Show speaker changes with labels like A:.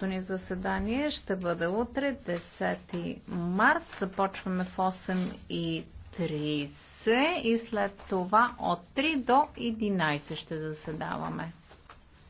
A: Следващото ни заседание ще бъде утре, 10 март. Започваме в 8.30 и след това от 3 до
B: 11 ще заседаваме.